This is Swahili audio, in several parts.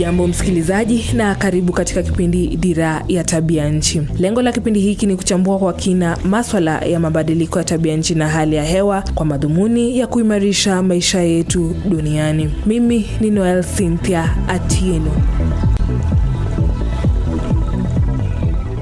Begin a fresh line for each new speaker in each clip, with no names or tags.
Hujambo msikilizaji, na karibu katika kipindi Dira ya Tabia Nchi. Lengo la kipindi hiki ni kuchambua kwa kina maswala ya mabadiliko ya tabia nchi na hali ya hewa kwa madhumuni ya kuimarisha maisha yetu duniani. Mimi ni Noel Cynthia Atieno.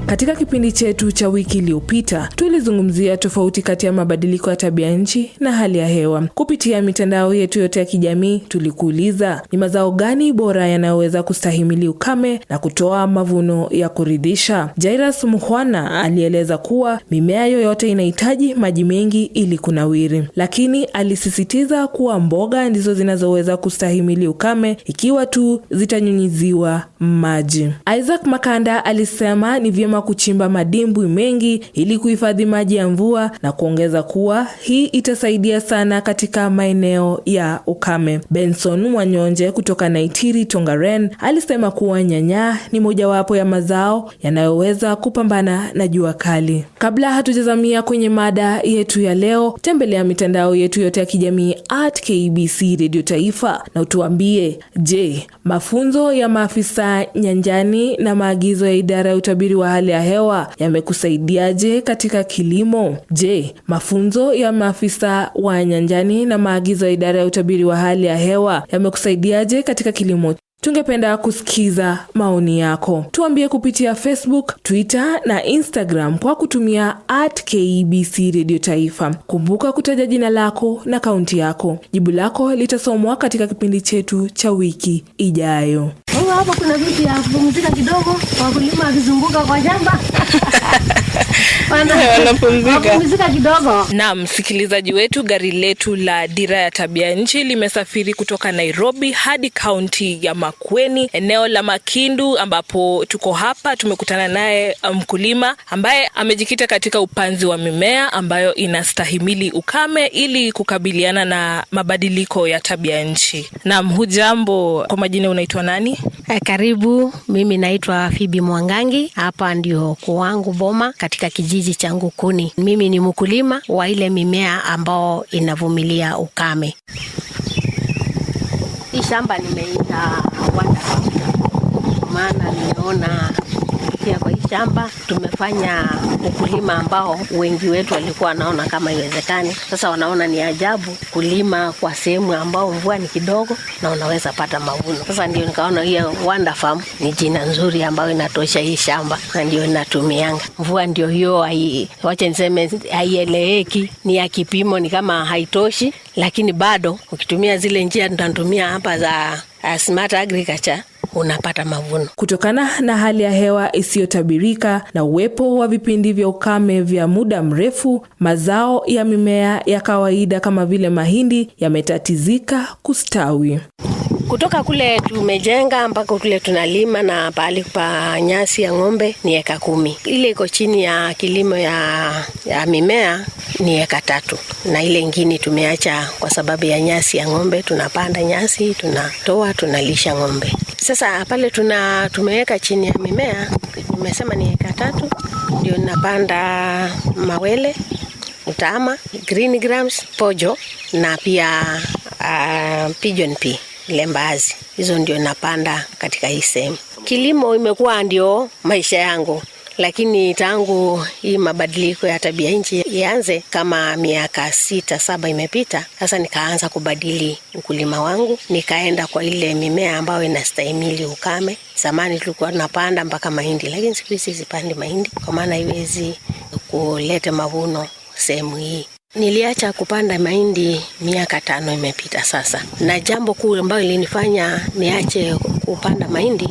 Katika kipindi chetu cha wiki iliyopita, tulizungumzia tofauti kati ya mabadiliko ya tabia nchi na hali ya hewa. Kupitia mitandao yetu yote ya kijamii, tulikuuliza ni mazao gani bora yanayoweza kustahimili ukame na kutoa mavuno ya kuridhisha. Jairus Mukhwana alieleza kuwa mimea yoyote inahitaji maji mengi ili kunawiri, lakini alisisitiza kuwa mboga ndizo zinazoweza kustahimili ukame ikiwa tu zitanyunyiziwa maji. Isaac Makanda alisema ni vyema kama kuchimba madimbwi mengi ili kuhifadhi maji ya mvua na kuongeza kuwa hii itasaidia sana katika maeneo ya ukame. Benson Mwanyonje kutoka Naitiri Tongaren alisema kuwa nyanya ni mojawapo ya mazao yanayoweza kupambana na jua kali. Kabla hatujazamia kwenye mada yetu ya leo, tembelea mitandao yetu yote ya kijamii at KBC Radio Taifa na utuambie, je, mafunzo ya maafisa nyanjani na maagizo ya idara ya utabiri wa hali hali ya hewa yamekusaidiaje katika kilimo? Je, mafunzo ya maafisa wa nyanjani na maagizo ya idara ya utabiri wa hali ya hewa yamekusaidiaje katika kilimo? Tungependa kusikiza maoni yako, tuambie kupitia Facebook, Twitter na Instagram kwa kutumia at KBC Radio Taifa. Kumbuka kutaja jina lako na kaunti yako. Jibu lako litasomwa katika kipindi chetu cha wiki ijayo
kidogo hapo, kuna vitu ya kupumzika kidogo, wakulima wakizunguka kwa shamba
wanapumzika kidogo. msikilizaji wetu, gari letu la Dira ya Tabia Nchi limesafiri kutoka Nairobi hadi kaunti ya Makueni, eneo la Makindu, ambapo tuko hapa. Tumekutana naye um, mkulima ambaye amejikita katika upanzi wa mimea ambayo inastahimili ukame ili kukabiliana na mabadiliko ya tabia nchi. Naam, hujambo? Kwa majina unaitwa nani?
Eh, karibu, mimi naitwa Fibi Mwangangi, hapa ndio kwangu boma katika kijiji kijiji cha Ngukuni. Mimi ni mkulima wa ile mimea ambao inavumilia ukame. Hii shamba nimeita Wanda, maana nimeona ya kwa hii shamba tumefanya ukulima ambao wengi wetu walikuwa wanaona kama iwezekani. Sasa wanaona ni ajabu kulima kwa sehemu ambao mvua ni kidogo na unaweza pata mavuno. Sasa ndio nikaona hiyo Wonder Farm ni jina nzuri ambayo inatosha hii shamba, na ndio inatumianga. Mvua ndio hiyo, wache niseme haieleweki, ni ya kipimo, ni kama haitoshi, lakini bado ukitumia zile njia tunatumia hapa za uh, smart agriculture unapata mavuno.
Kutokana na hali ya hewa isiyotabirika na uwepo wa vipindi vya ukame vya muda mrefu, mazao ya mimea ya kawaida kama vile mahindi yametatizika kustawi
kutoka kule tumejenga mpaka kule tunalima na pahali pa nyasi ya ng'ombe ni eka kumi. Ile iko chini ya kilimo ya, ya mimea ni eka tatu, na ile ingine tumeacha kwa sababu ya nyasi ya ng'ombe. Tunapanda nyasi, tunatoa, tunalisha ng'ombe. Sasa pale tuna tumeweka chini ya mimea, tumesema ni eka tatu, ndio napanda mawele, mtama, green grams, pojo na pia uh, pigeon pea ile mbazi hizo ndio napanda katika hii sehemu. Kilimo imekuwa ndio maisha yangu, lakini tangu hii mabadiliko ya tabia nchi ianze, kama miaka sita saba imepita sasa, nikaanza kubadili ukulima wangu, nikaenda kwa ile mimea ambayo inastahimili ukame. Zamani tulikuwa tunapanda mpaka mahindi, lakini siku hizi zipandi mahindi, kwa maana iwezi kuleta mavuno sehemu hii. Niliacha kupanda mahindi miaka tano imepita sasa, na jambo kuu ambayo ilinifanya niache kupanda mahindi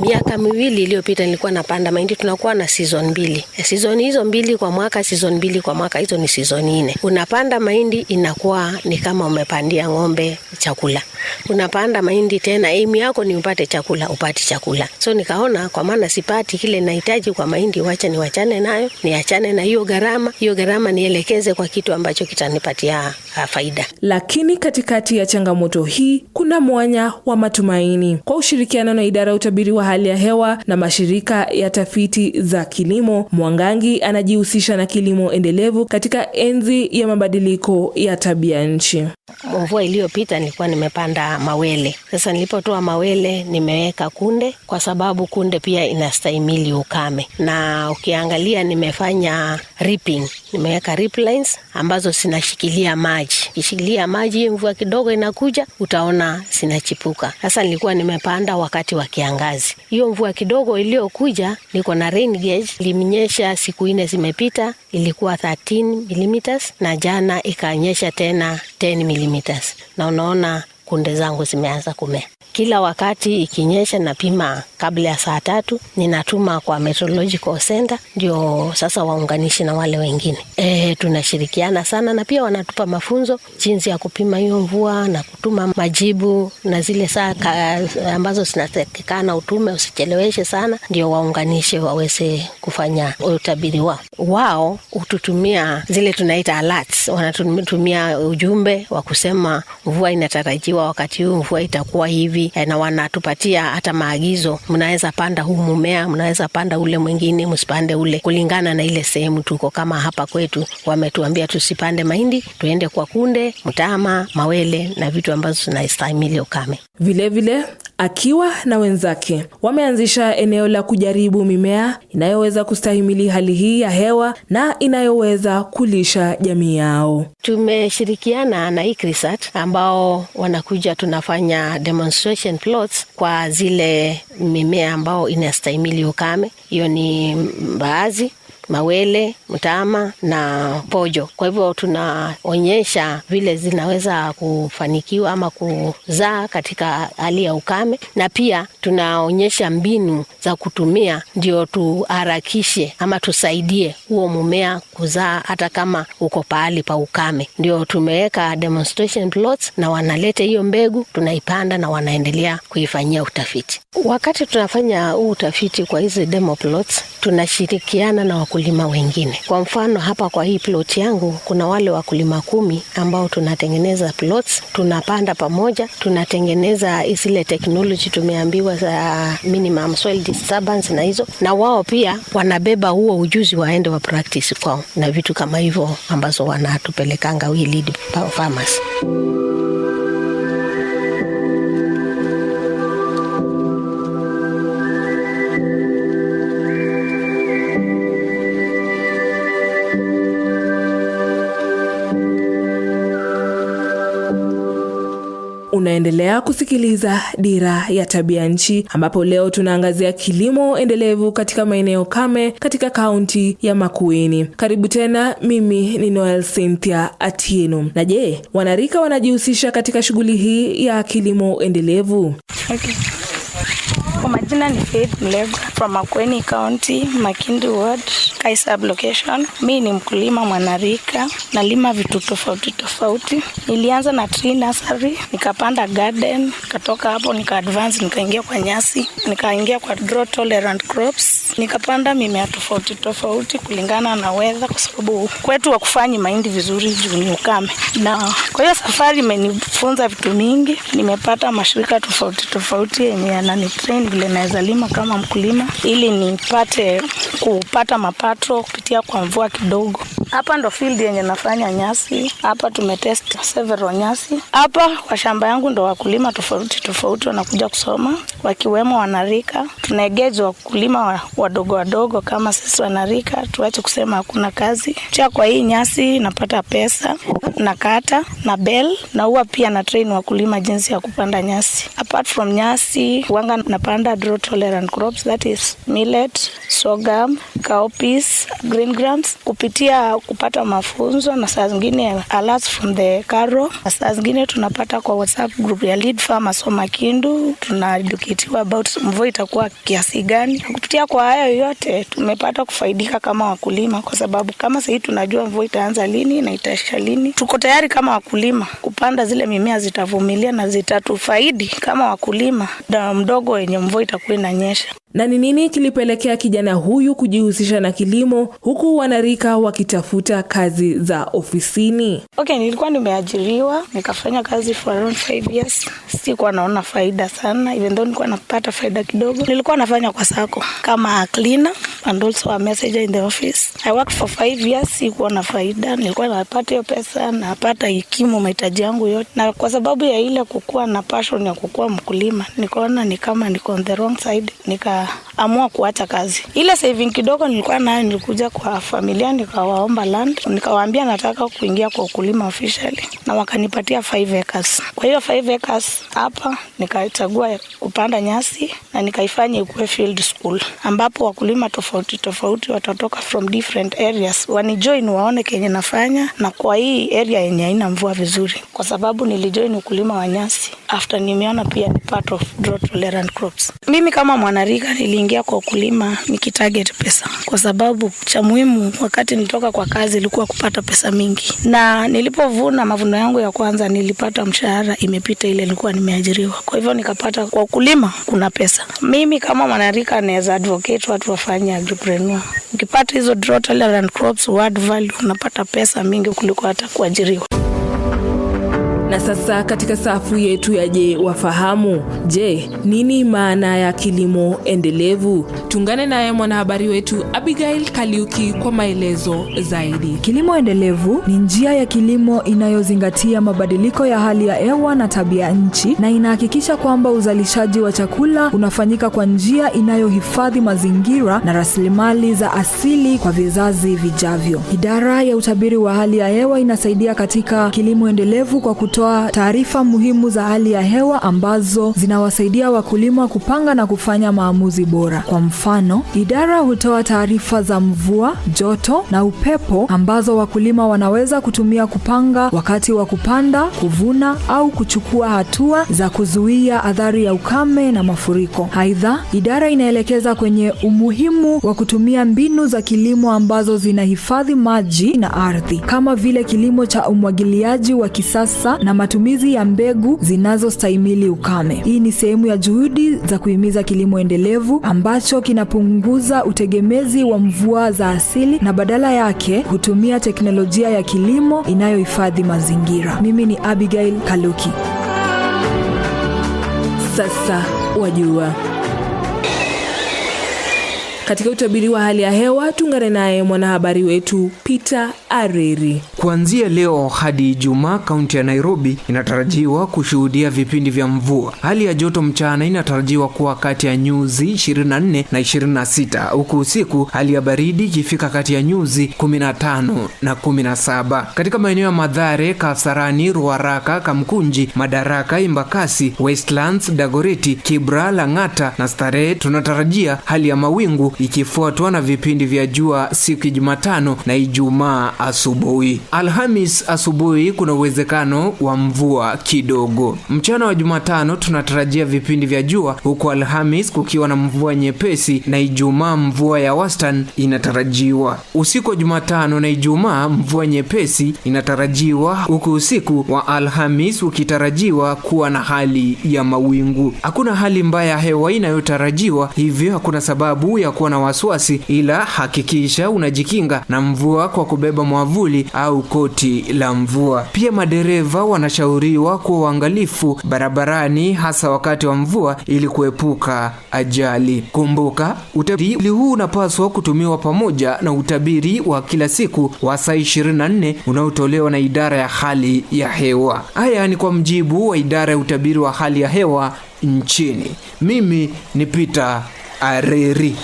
miaka miwili iliyopita nilikuwa napanda mahindi. Tunakuwa na season mbili, e, season hizo mbili kwa mwaka, season mbili kwa mwaka, hizo ni season nne. Unapanda mahindi inakuwa ni kama umepandia ng'ombe chakula, unapanda mahindi tena, aim yako ni upate chakula, upate chakula. So nikaona kwa maana sipati kile nahitaji kwa mahindi, wacha niwachane nayo, niachane na hiyo gharama, hiyo gharama nielekeze kwa kitu kitu ambacho kitanipatia ah, faida.
Lakini katikati ya changamoto hii kuna mwanya wa matumaini. Kwa ushirikiano na idara ya utabiri wa hali ya hewa na mashirika ya tafiti za kilimo, Mwangangi anajihusisha na kilimo endelevu katika enzi ya mabadiliko ya tabia nchi.
Mvua iliyopita nilikuwa nimepanda mawele. Sasa nilipotoa mawele, nimeweka kunde, kwa sababu kunde pia inastahimili ukame, na ukiangalia nimefanya ripping, nimeweka rip lines ambazo zinashikilia maji. Ikishikilia maji, mvua kidogo inakuja, utaona zinachipuka. Sasa nilikuwa nimepanda wakati wa kiangazi. Hiyo mvua kidogo iliyokuja, niko na rain gauge, ilimnyesha siku nne zimepita, ilikuwa 13 mm, na jana ikanyesha tena 10 mm unlimited, na unaona kunde zangu zimeanza kumea. Kila wakati ikinyesha, napima kabla ya saa tatu, ninatuma kwa meteorological center, ndio sasa waunganishi na wale wengine. E, tunashirikiana sana na pia wanatupa mafunzo jinsi ya kupima hiyo mvua na kutuma majibu na zile saa ambazo zinatakikana utume, usicheleweshe sana, ndio waunganishe waweze kufanya utabiri wao. Wao hututumia zile tunaita alerts, wanatumia ujumbe wa kusema mvua inatarajiwa tumeambiwa wakati huu mvua itakuwa hivi eh, na wanatupatia hata maagizo, mnaweza panda huu mumea mnaweza panda ule mwingine, msipande ule, kulingana na ile sehemu tuko. Kama hapa kwetu wametuambia tusipande mahindi, tuende kwa kunde, mtama, mawele na vitu ambazo zinastahimili ukame
vilevile akiwa na wenzake wameanzisha eneo la kujaribu mimea inayoweza kustahimili hali hii ya hewa na inayoweza kulisha jamii yao.
Tumeshirikiana na ICRISAT ambao wanakuja, tunafanya demonstration plots kwa zile mimea ambao inastahimili ukame. Hiyo ni mbaazi mawele, mtama na pojo. Kwa hivyo tunaonyesha vile zinaweza kufanikiwa ama kuzaa katika hali ya ukame, na pia tunaonyesha mbinu za kutumia ndio tuharakishe ama tusaidie huo mumea kuzaa hata kama uko pahali pa ukame. Ndio tumeweka demonstration plots na wanaleta hiyo mbegu, tunaipanda na wanaendelea kuifanyia utafiti. Wakati tunafanya huu utafiti kwa hizi demo plots, tunashirikiana na wakulima wakulima wengine. Kwa mfano hapa kwa hii plot yangu kuna wale wakulima kumi ambao tunatengeneza plots, tunapanda pamoja, tunatengeneza zile technology tumeambiwa za minimum soil disturbance na hizo, na wao pia wanabeba huo ujuzi waende wa practice kwao na vitu kama hivyo ambazo wanatupelekanga we lead farmers.
Unaendelea kusikiliza Dira ya Tabia Nchi, ambapo leo tunaangazia kilimo endelevu katika maeneo kame katika kaunti ya Makueni. Karibu tena, mimi ni Noel Cynthia Atieno. Na je, wanarika wanajihusisha katika shughuli hii ya kilimo endelevu?
Okay. Kwa majina ni Faith Mlega from Makueni County, Makindu Ward, Kaisab location. Mi ni mkulima mwanarika, nalima vitu tofauti tofauti. Nilianza na tree nursery, nikapanda garden, nikatoka hapo nika advance nikaingia kwa nyasi, nikaingia kwa drought tolerant crops, nikapanda mimea tofauti tofauti kulingana na weather, kwa sababu kwetu wa kufanya mahindi vizuri juu ni ukame. Na kwa hiyo safari imenifunza vitu mingi, nimepata mashirika tofauti tofauti yenye yananitrain vile naweza lima kama mkulima, ili nipate kupata mapato kupitia kwa mvua kidogo. Hapa ndo field yenye nafanya nyasi. Hapa tumetest several nyasi. Hapa kwa shamba yangu ndo wakulima tofauti tofauti wanakuja kusoma, wakiwemo wanarika. Tunaegeja wakulima wadogo wadogo kama sisi wanarika, tuache kusema hakuna kazi. Cha kwa hii nyasi napata pesa, nakata na bell na huwa pia na train wakulima jinsi ya kupanda nyasi. Apart from nyasi, wanga napanda drought tolerant crops that is millet, sorghum, cowpeas, green grams kupitia au kupata mafunzo, na saa zingine alerts from the Caro, na saa zingine tunapata kwa WhatsApp group ya lead farmer wa Makindu, tunaeduketiwa about mvua itakuwa kiasi gani. Kupitia kwa hayo yote tumepata kufaidika kama wakulima, kwa sababu kama sahii tunajua mvua itaanza lini na itaisha lini. Tuko tayari kama wakulima kupanda zile mimea, zitavumilia na zitatufaidi kama wakulima, da mdogo wenye mvua itakuwa inanyesha
na ni nini kilipelekea kijana huyu kujihusisha na kilimo huku wanarika wakitafuta kazi za ofisini?
Okay, nilikuwa nimeajiriwa nikafanya kazi for around five years. Sikuwa naona faida sana, even though nilikuwa napata faida kidogo. Nilikuwa nafanya kwa sako kama cleaner and also a messenger in the office I worked for five years, sikuwa na faida. Nilikuwa napata hiyo pesa, napata ikimu mahitaji yangu yote, na kwa sababu ya ile kukuwa na passion ya kukuwa mkulima, nikaona ni kama niko on the wrong side, nikaamua kuacha kazi. Ile saving kidogo nilikuwa nayo, nilikuja kwa familia, nikawaomba land, nikawaambia nataka kuingia kwa ukulima officially, na wakanipatia five acres. Kwa hiyo five acres hapa nikachagua kupanda nyasi na nikaifanya ikuwe field school, ambapo wakulima tofauti tofauti watatoka from different different areas, wanijoin waone kenye nafanya, na kwa hii area yenye haina mvua vizuri, kwa sababu nilijoin ukulima wa nyasi after nimeona pia ni part of drought tolerant crops. Mimi kama mwanarika niliingia kwa ukulima nikitarget pesa, kwa sababu cha muhimu wakati nitoka kwa kazi ilikuwa kupata pesa mingi, na nilipovuna mavuno yangu ya kwanza nilipata mshahara imepita ile nilikuwa nimeajiriwa, kwa hivyo nikapata kwa ukulima kuna pesa. Mimi kama mwanarika naweza advocate watu wafanye agripreneur. Ukipata hizo drought tolerant crops, word value, unapata pesa mingi kuliko hata kuajiriwa.
Na sasa katika safu yetu ya Je Wafahamu, je, nini maana ya kilimo endelevu? Tuungane naye mwanahabari wetu Abigail Kaliuki kwa maelezo zaidi.
Kilimo endelevu ni njia ya kilimo inayozingatia mabadiliko ya hali ya hewa na tabia nchi na inahakikisha kwamba uzalishaji wa chakula unafanyika kwa njia inayohifadhi mazingira na rasilimali za asili kwa vizazi vijavyo. Idara ya utabiri wa hali ya hewa inasaidia katika kilimo endelevu kwa kutu kutoa taarifa muhimu za hali ya hewa ambazo zinawasaidia wakulima kupanga na kufanya maamuzi bora. Kwa mfano, idara hutoa taarifa za mvua, joto na upepo ambazo wakulima wanaweza kutumia kupanga wakati wa kupanda, kuvuna au kuchukua hatua za kuzuia athari ya ukame na mafuriko. Aidha, idara inaelekeza kwenye umuhimu wa kutumia mbinu za kilimo ambazo zinahifadhi maji na ardhi kama vile kilimo cha umwagiliaji wa kisasa na matumizi ya mbegu zinazostahimili ukame. Hii ni sehemu ya juhudi za kuhimiza kilimo endelevu ambacho kinapunguza utegemezi wa mvua za asili na badala yake hutumia teknolojia ya kilimo inayohifadhi mazingira. Mimi ni Abigail Kaluki. Sasa wajua katika utabiri wa hali ya hewa, tungane naye mwanahabari wetu Peter Areri.
Kuanzia leo hadi Ijumaa, kaunti ya Nairobi inatarajiwa kushuhudia vipindi vya mvua. Hali ya joto mchana inatarajiwa kuwa kati ya nyuzi 24 na 26, huku usiku hali ya baridi ikifika kati ya nyuzi 15 na 17. Katika maeneo ya Madhare, Kasarani, Ruaraka, Kamkunji, Madaraka, Imbakasi, Westlands, Dagoreti, Kibra, Lang'ata na Starehe tunatarajia hali ya mawingu ikifuatwa na vipindi vya jua siku ya Jumatano na Ijumaa asubuhi. Alhamis asubuhi kuna uwezekano wa mvua kidogo. Mchana wa Jumatano tunatarajia vipindi vya jua, huku Alhamis kukiwa na mvua nyepesi na Ijumaa mvua ya wastani inatarajiwa. Usiku wa Jumatano na Ijumaa mvua nyepesi inatarajiwa, huku usiku wa Alhamis ukitarajiwa kuwa na hali ya mawingu. Hakuna hali mbaya ya hewa inayotarajiwa, hivyo hakuna sababu ya kuwa kutokuwa na wasiwasi, ila hakikisha unajikinga na mvua kwa kubeba mwavuli au koti la mvua. Pia madereva wanashauriwa kuwa waangalifu barabarani, hasa wakati wa mvua ili kuepuka ajali. Kumbuka, utabiri huu unapaswa kutumiwa pamoja na utabiri wa kila siku wa saa 24 unaotolewa na idara ya hali ya hewa. Haya ni kwa mjibu wa idara ya utabiri wa hali ya hewa nchini. Mimi ni Peter Areri.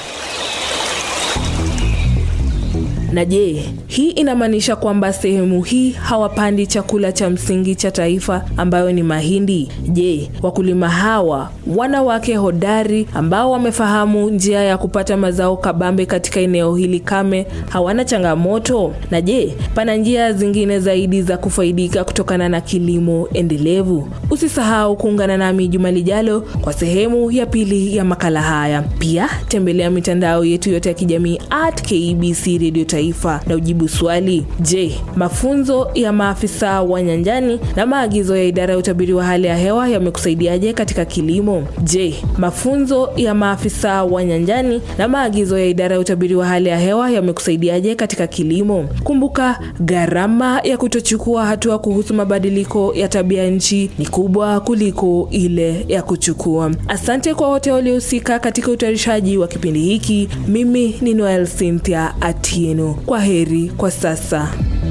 Na je, hii inamaanisha kwamba sehemu hii hawapandi chakula cha msingi cha taifa ambayo ni mahindi? Je, wakulima hawa wanawake hodari ambao wamefahamu njia ya kupata mazao kabambe katika eneo hili kame hawana changamoto? Na je, pana njia zingine zaidi za kufaidika kutokana na kilimo endelevu? Usisahau kuungana nami juma lijalo kwa sehemu ya pili ya makala haya. Pia tembelea mitandao yetu yote ya kijamii at KBC Radio Taifa taifa na ujibu swali, je, mafunzo ya maafisa wa nyanjani na maagizo ya idara ya utabiri wa hali ya hewa yamekusaidiaje katika kilimo? Je, mafunzo ya maafisa wa nyanjani na maagizo ya idara ya utabiri wa hali ya hewa yamekusaidiaje katika kilimo? Kumbuka, gharama ya kutochukua hatua kuhusu mabadiliko ya tabia nchi ni kubwa kuliko ile ya kuchukua. Asante kwa wote waliohusika katika utayarishaji wa kipindi hiki. Mimi ni Noel Cynthia Atieno kwa heri kwa sasa.